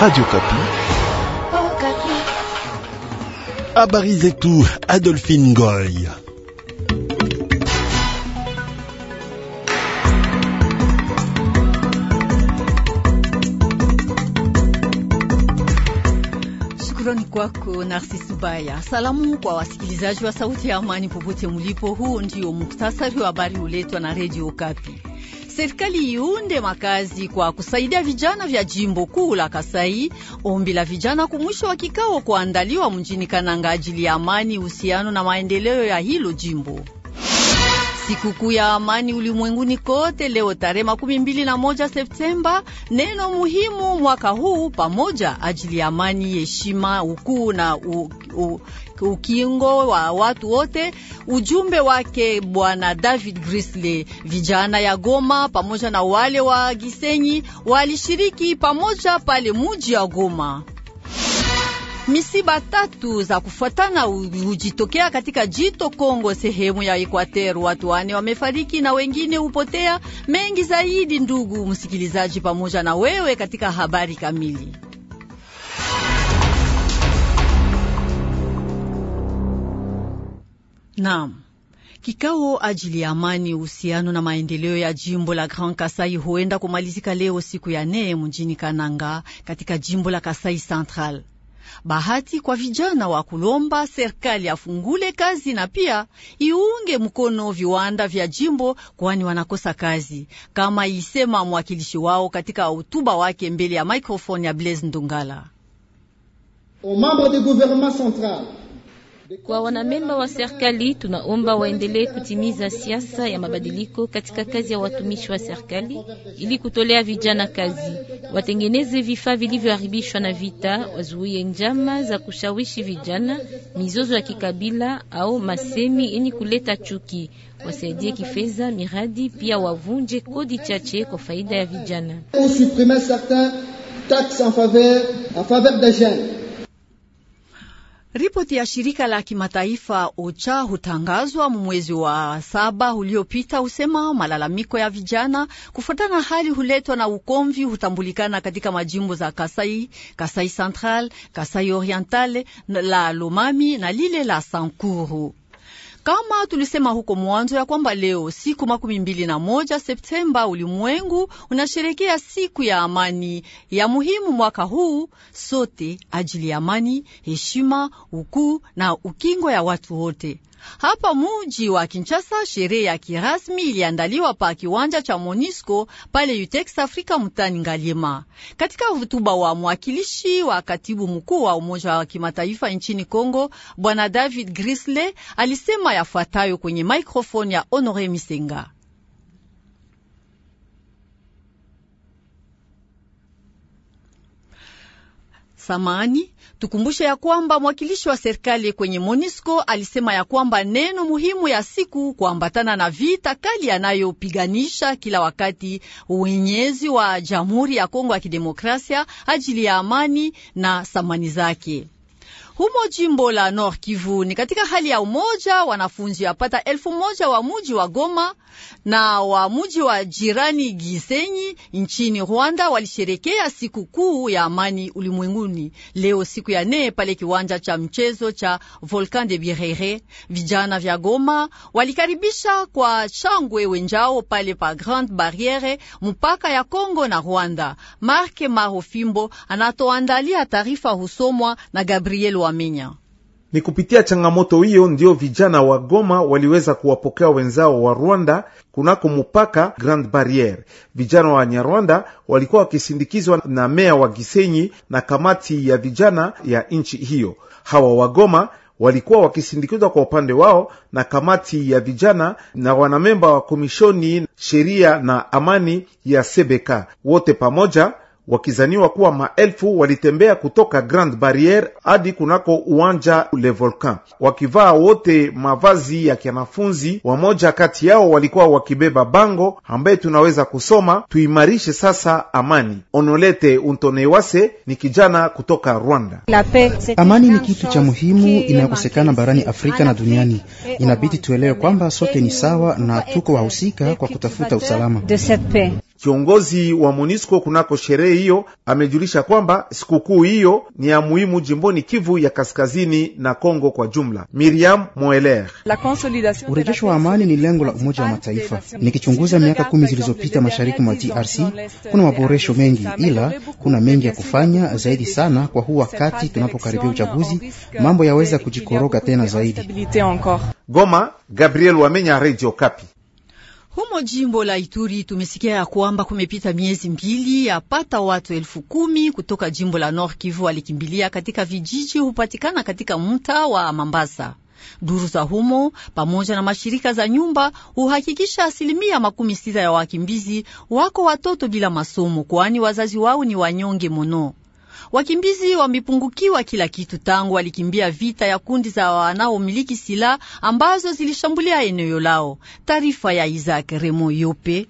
Radio Kapi. Habari zetu Adolphine Goy. Shukrani kwako Narcis Baya. Salamu kwa wasikilizaji wa Sauti ya Amani popote mulipo. Huu ndio muktasari wa habari uletwa na Radio Kapi. Serikali iunde makazi kwa kusaidia vijana vya jimbo kuu la Kasai. Ombi la vijana kumwisho wa kikao kuandaliwa mjini Kananga ajili ya amani, uhusiano na maendeleo ya hilo jimbo. Sikukuu ya amani ulimwenguni kote leo tarehe makumi mbili na moja Septemba. Neno muhimu mwaka huu pamoja ajili ya amani, heshima, ukuu na u, u, ukingo wa watu wote. Ujumbe wake Bwana David Grisley. Vijana ya Goma pamoja na wale wa Gisenyi walishiriki pamoja pale muji ya Goma. Misiba tatu za kufuatana hujitokea katika jito Kongo, sehemu ya Ekwatero. Watu wane wamefariki na wengine hupotea. Mengi zaidi, ndugu msikilizaji, pamoja na wewe katika habari kamili. Naam. Kikao ajili ya amani, uhusiano na maendeleo ya jimbo la Grand Kasai huenda kumalizika leo siku ya nne mjini Kananga katika jimbo la Kasai Central. Bahati kwa vijana wa kulomba serikali afungule kazi na pia iunge mkono viwanda vya jimbo, kwani wanakosa kazi, kama isema mwakilishi wao katika hotuba wake mbele ya mikrofoni ya Blaise Ndungala. Au membre du gouvernement central kwa wanamemba wa serikali, tunaomba waendelee kutimiza siasa ya mabadiliko katika kazi ya watumishi wa serikali ili kutolea vijana kazi, watengeneze vifaa vilivyoharibishwa na vita, wazuie njama za kushawishi vijana, mizozo ya kikabila au masemi yenye kuleta chuki, wasaidie kifedha miradi, pia wavunje kodi chache kwa faida ya vijana. Ripoti ya shirika la kimataifa OCHA hutangazwa mwezi wa saba uliopita husema malalamiko ya vijana kufuatana hali huletwa na ukomvi hutambulikana katika majimbo za Kasai, Kasai Central, Kasai Orientale la Lomami na lile la Sankuru. Kama tulisema huko mwanzo ya kwamba leo siku makumi mbili na moja Septemba ulimwengu unasherekea siku ya amani ya muhimu mwaka huu, sote ajili ya amani, heshima, ukuu na ukingo ya watu wote. Hapa muji wa Kinshasa, sherehe ya kirasmi iliandaliwa pa kiwanja cha Monisco pale Utex Afrika mtani Ngaliema. Katika hutuba wa mwakilishi wa katibu mkuu wa Umoja wa Kimataifa nchini congo Bwana David Grisley alisema yafuatayo kwenye maikrofoni ya Honore Misenga. samani. Tukumbushe ya kwamba mwakilishi wa serikali kwenye MONUSCO alisema ya kwamba neno muhimu ya siku kuambatana na vita kali yanayopiganisha kila wakati uwenyezi wa Jamhuri ya Kongo ya Kidemokrasia ajili ya amani na samani zake humo jimbo la Nord Kivu. Ni katika hali ya umoja, wanafunzi wapata elfu moja wa muji wa Goma na wa muji wa jirani Gisenyi nchini Rwanda walisherekea siku kuu ya amani ulimwenguni leo siku ya nne pale kiwanja cha mchezo cha Volcan de Birere. Vijana vya Goma walikaribisha kwa shangwe wenjao pale pa Grande Barriere, mpaka ya Kongo na Rwanda. Marke Marofimbo anatoandalia taarifa, husomwa na Gabriel waminya. Ni kupitia changamoto hiyo ndio vijana wa Goma waliweza kuwapokea wenzao wa Rwanda kunako mupaka Grand Barriere. Vijana wa Nyarwanda walikuwa wakisindikizwa na meya wa Gisenyi na kamati ya vijana ya nchi hiyo. Hawa wa Goma walikuwa wakisindikizwa kwa upande wao na kamati ya vijana na wanamemba wa komishoni sheria na amani ya Sebeka, wote pamoja wakizaniwa kuwa maelfu walitembea kutoka Grand Barriere hadi kunako uwanja Le Volcan wakivaa wote mavazi ya kianafunzi. Wamoja kati yao walikuwa wakibeba bango ambaye tunaweza kusoma tuimarishe sasa amani. Onolete Untonewase ni kijana kutoka Rwanda. Amani ni kitu cha muhimu inayokosekana barani Afrika na duniani. Inabidi tuelewe kwamba sote ni sawa na tuko wahusika kwa kutafuta usalama. Kiongozi wa MONUSCO kunako sherehe hiyo amejulisha kwamba sikukuu hiyo ni ya muhimu jimboni Kivu ya Kaskazini na Kongo kwa jumla. Miriam Moeller: urejesho wa amani ni lengo la Umoja wa Mataifa. Nikichunguza miaka kumi zilizopita mashariki mwa DRC, kuna maboresho mengi, ila kuna mengi ya kufanya zaidi sana. Kwa huu wakati tunapokaribia uchaguzi, mambo yaweza kujikoroga tena zaidi. Goma, Gabriel Wamenya, Radio Kapi. Humo jimbo la Ituri tumesikia ya kwamba kumepita miezi mbili yapata watu elfu kumi kutoka jimbo la North Kivu walikimbilia katika vijiji hupatikana katika mtaa wa Mambasa. Duru za humo pamoja na mashirika za nyumba huhakikisha asilimia makumi sita ya wakimbizi wako watoto bila masomo, kwani wazazi wao ni wanyonge mono. Wakimbizi wamepungukiwa kila kitu tangu walikimbia vita ya kundi za wanaomiliki silaha ambazo zilishambulia eneo lao. Taarifa ya Isaac Remo Yope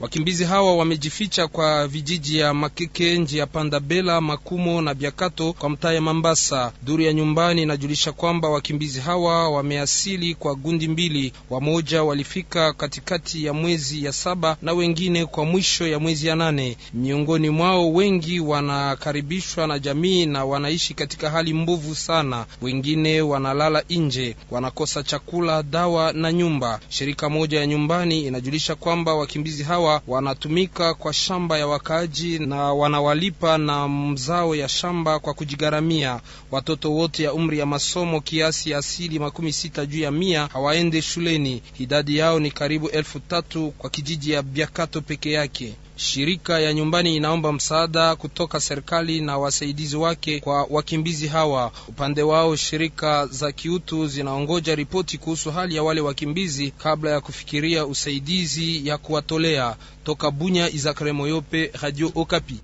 Wakimbizi hawa wamejificha kwa vijiji ya Makeke, nji ya Pandabela, Makumo na Biakato kwa mtaa ya Mambasa. Duru ya nyumbani inajulisha kwamba wakimbizi hawa wameasili kwa gundi mbili, wamoja walifika katikati ya mwezi ya saba na wengine kwa mwisho ya mwezi ya nane. Miongoni mwao wengi wanakaribishwa na jamii na wanaishi katika hali mbovu sana, wengine wanalala nje, wanakosa chakula, dawa na nyumba. Shirika moja ya nyumbani inajulisha kwamba wakimbizi hawa hawa wanatumika kwa shamba ya wakaaji na wanawalipa na mzao ya shamba kwa kujigharamia. Watoto wote ya umri ya masomo kiasi ya asili makumi sita juu ya mia hawaende shuleni. Idadi yao ni karibu elfu tatu kwa kijiji ya Byakato peke yake. Shirika ya nyumbani inaomba msaada kutoka serikali na wasaidizi wake kwa wakimbizi hawa. Upande wao, shirika za kiutu zinaongoja ripoti kuhusu hali ya wale wakimbizi kabla ya kufikiria usaidizi ya kuwatolea. Toka Bunya, Izakare Moyope, Radio Okapi.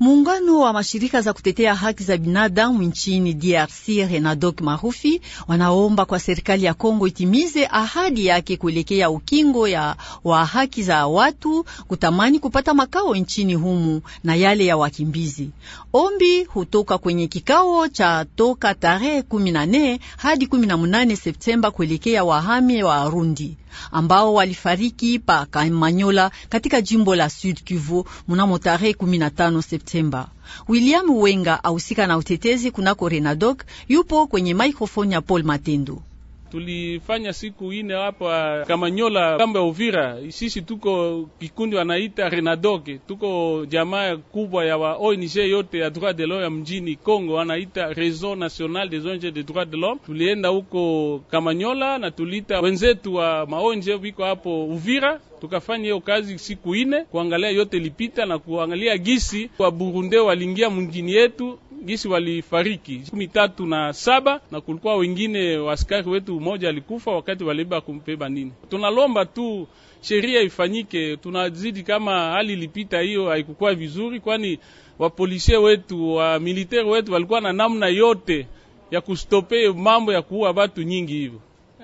Muungano wa mashirika za kutetea haki za binadamu nchini DRC Renadoc Marufi wanaomba kwa serikali ya Kongo itimize ahadi yake kuelekea ukingo ya wa haki za watu kutamani kupata makao nchini humu na yale ya wakimbizi. Ombi hutoka kwenye kikao cha toka tarehe 14 hadi 18 Septemba kuelekea wahame wa Arundi ambao walifariki pa Kamanyola katika jimbo la Sud Kivu mnamo tarehe 15 Septemba. William Wenga ahusika na utetezi kunako Renadoc, yupo kwenye microfone ya Paul Matendo tulifanya siku ine hapa Kamanyola, kambo ya Uvira. Sisi tuko kikundi wanaita Renadoke, tuko jamaa kubwa ya wa ONG yote ya droit de l'homme ya mjini Kongo, wanaita Réseau National des ONG de droit de l'homme. Tulienda huko Kamanyola na tuliita wenzetu wa ma ONG wiko hapo Uvira, tukafanya hiyo kazi siku ine kuangalia yote lipita na kuangalia gisi wa Burundi walingia mjini yetu gisi walifariki kumi tatu na saba na kulikuwa wengine waskari wetu mmoja alikufa wakati waliba kumpeba nini. Tunalomba tu sheria ifanyike, tunazidi kama hali ilipita hiyo haikukuwa vizuri, kwani wapolisie wetu wa militeri wetu walikuwa na namna yote ya kustope mambo ya kuua watu nyingi hivyo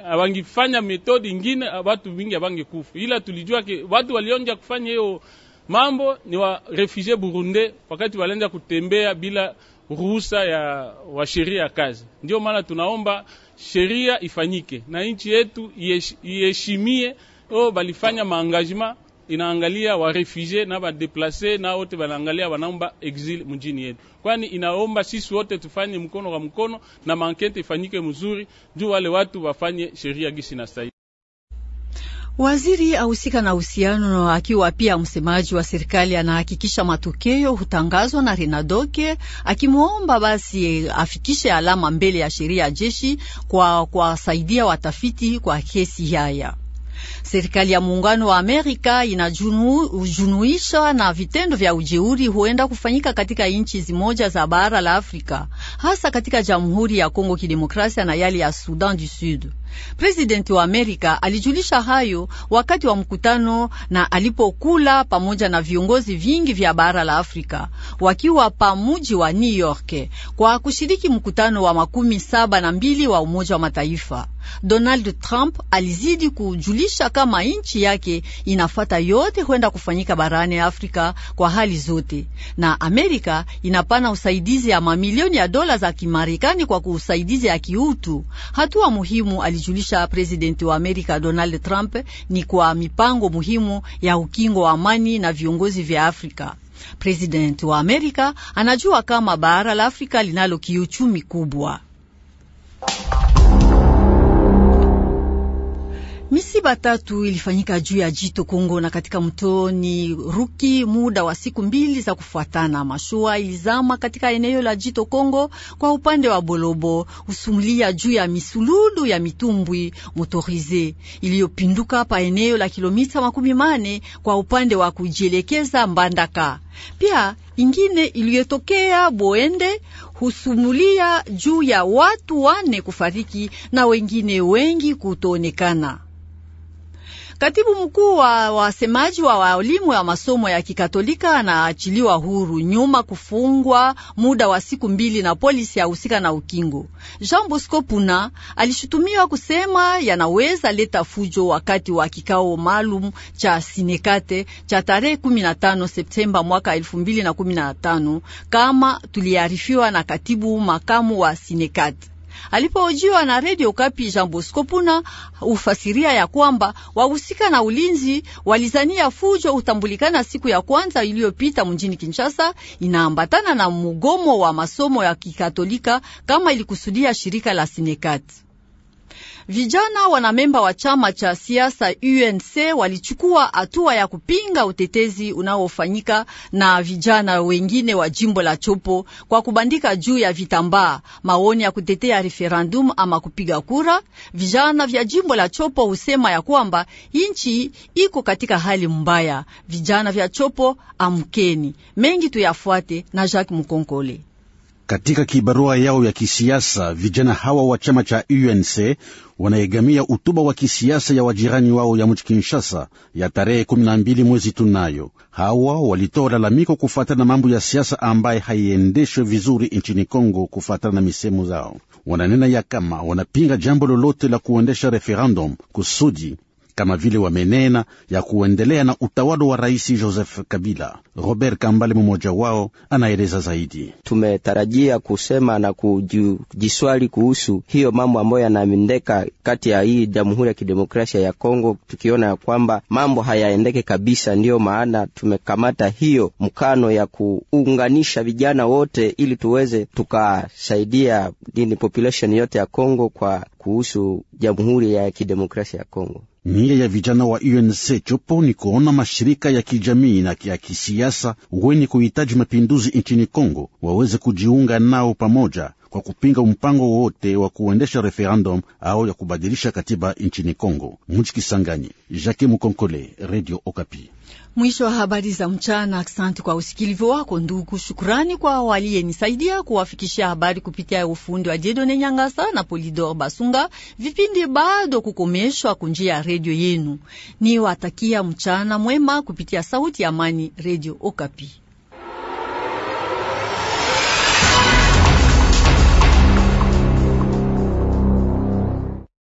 abangifanya metodi ingine watu bingi abangekufa, ila tulijua ke watu walionja kufanya hiyo mambo ni wa refugie Burundi, wakati walianza kutembea bila ruhusa ya wa sheria ya kazi. Ndio maana tunaomba sheria ifanyike na nchi yetu iheshimie. O oh, balifanya maangajima inaangalia wa refugee na ba deplace na wote banaangalia wanaomba exil mjini yetu, kwani inaomba sisi wote tufanye mkono kwa mkono na mankete ifanyike mzuri juu wale watu wafanye sheria gisi na stahili. Waziri ahusika na uhusiano akiwa pia msemaji wa serikali anahakikisha matokeo hutangazwa na Renadoke, akimwomba basi afikishe alama mbele ya sheria ya jeshi kwa kuwasaidia watafiti kwa kesi haya. Serikali ya muungano wa Amerika inajunuishwa na vitendo vya ujeuri huenda kufanyika katika nchi zimoja za bara la Afrika, hasa katika Jamhuri ya Kongo Kidemokrasia na yale ya Sudan du Sud. Presidenti wa Amerika alijulisha hayo wakati wa mkutano na alipokula pamoja na viongozi vingi vya bara la Afrika wakiwa pa muji wa New York kwa kushiriki mkutano wa makumi saba na mbili wa Umoja wa Mataifa. Donald Trump alizidi kujulisha kama nchi yake inafata yote kwenda kufanyika barani Afrika kwa hali zote, na Amerika inapana usaidizi ya mamilioni ya dola za Kimarekani kwa kuusaidizi ya kiutu, hatua muhimu ali alijulisha presidenti wa Amerika Donald Trump ni kwa mipango muhimu ya ukingo wa amani na viongozi vya Afrika. Prezidenti wa Amerika anajua kama bara la Afrika linalo kiuchumi kubwa Misiba tatu ilifanyika juu ya jito Kongo na katika mtoni Ruki muda wa siku mbili za kufuatana. Mashua ilizama katika eneo la jito Kongo kwa upande wa Bolobo usumulia juu ya misululu ya mitumbwi motorize iliyopinduka pa eneo la kilomita makumi mane kwa upande wa kujielekeza Mbandaka. Pia ingine iliyotokea Boende husumulia juu ya watu wane kufariki na wengine wengi kutoonekana. Katibu mkuu wa wasemaji wa walimu ya masomo ya Kikatolika anaachiliwa huru nyuma kufungwa muda wa siku mbili na polisi ya husika na ukingo. Jean Bosco Puna alishutumiwa kusema yanaweza leta fujo wakati wa kikao maalum cha Sinekate cha tarehe 15 Septemba mwaka 2015 kama tuliarifiwa na katibu makamu wa Sinekate alipoojiwa na redio Kapi, Jean Bosco Puna ufasiria ya kwamba wahusika na ulinzi walizania fujo utambulikana siku ya kwanza iliyopita mjini Kinshasa, inaambatana na mugomo wa masomo ya Kikatolika kama ilikusudia shirika la Sinekati. Vijana wanamemba wa chama cha siasa UNC walichukua hatua ya kupinga utetezi unaofanyika na vijana wengine wa jimbo la Chopo kwa kubandika juu ya vitambaa maoni ya kutetea referendum ama kupiga kura. Vijana vya jimbo la Chopo husema ya kwamba inchi iko katika hali mbaya. Vijana vya Chopo, amkeni, mengi tuyafuate na Jacques Mukonkole. Katika kibarua yao ya kisiasa, vijana hawa wa chama cha UNC wanaegamia utuba wa kisiasa ya wajirani wao ya mji Kinshasa ya tarehe 12 mwezi tunayo. Hawa walitoa lalamiko kufuatana na mambo ya siasa ambaye haiendeshwe vizuri nchini Kongo. Kufuatana na misemo zao, wananena ya kama wanapinga jambo lolote la kuendesha referendum kusudi kama vile wamenena ya kuendelea na utawala wa Rais Joseph Kabila. Robert Kambale, mmoja wao, anaeleza zaidi. Tumetarajia kusema na kujiswali kuhusu hiyo mambo ambayo yanaendeka kati ya hii Jamhuri ya Kidemokrasia ya Kongo, tukiona ya kwamba mambo hayaendeke kabisa. Ndiyo maana tumekamata hiyo mkano ya kuunganisha vijana wote ili tuweze tukasaidia dini population yote ya Kongo kwa kuhusu Jamhuri ya Kidemokrasia ya Kongo. Nia ya vijana wa UNC Chopo ni kuona mashirika ya kijamii na ya kisiasa wenye kuhitaji mapinduzi nchini Kongo waweze kujiunga nao pamoja kwa kupinga mpango wowote wa kuendesha referendum au ya kubadilisha katiba nchini Kongo. Mji Kisangani, Jacques Mukonkole, Radio Okapi. Mwisho wa habari za mchana. Asante kwa usikilivu wako ndugu. shukurani kwa waliyenisaidia kuwafikishia habari kupitia ufundi wa Jedone Nyangasa na Polidor Basunga. Vipindi bado kukomeshwa kunjia ya redio yenu, ni watakia mchana mwema kupitia Sauti ya Amani, Redio Okapi.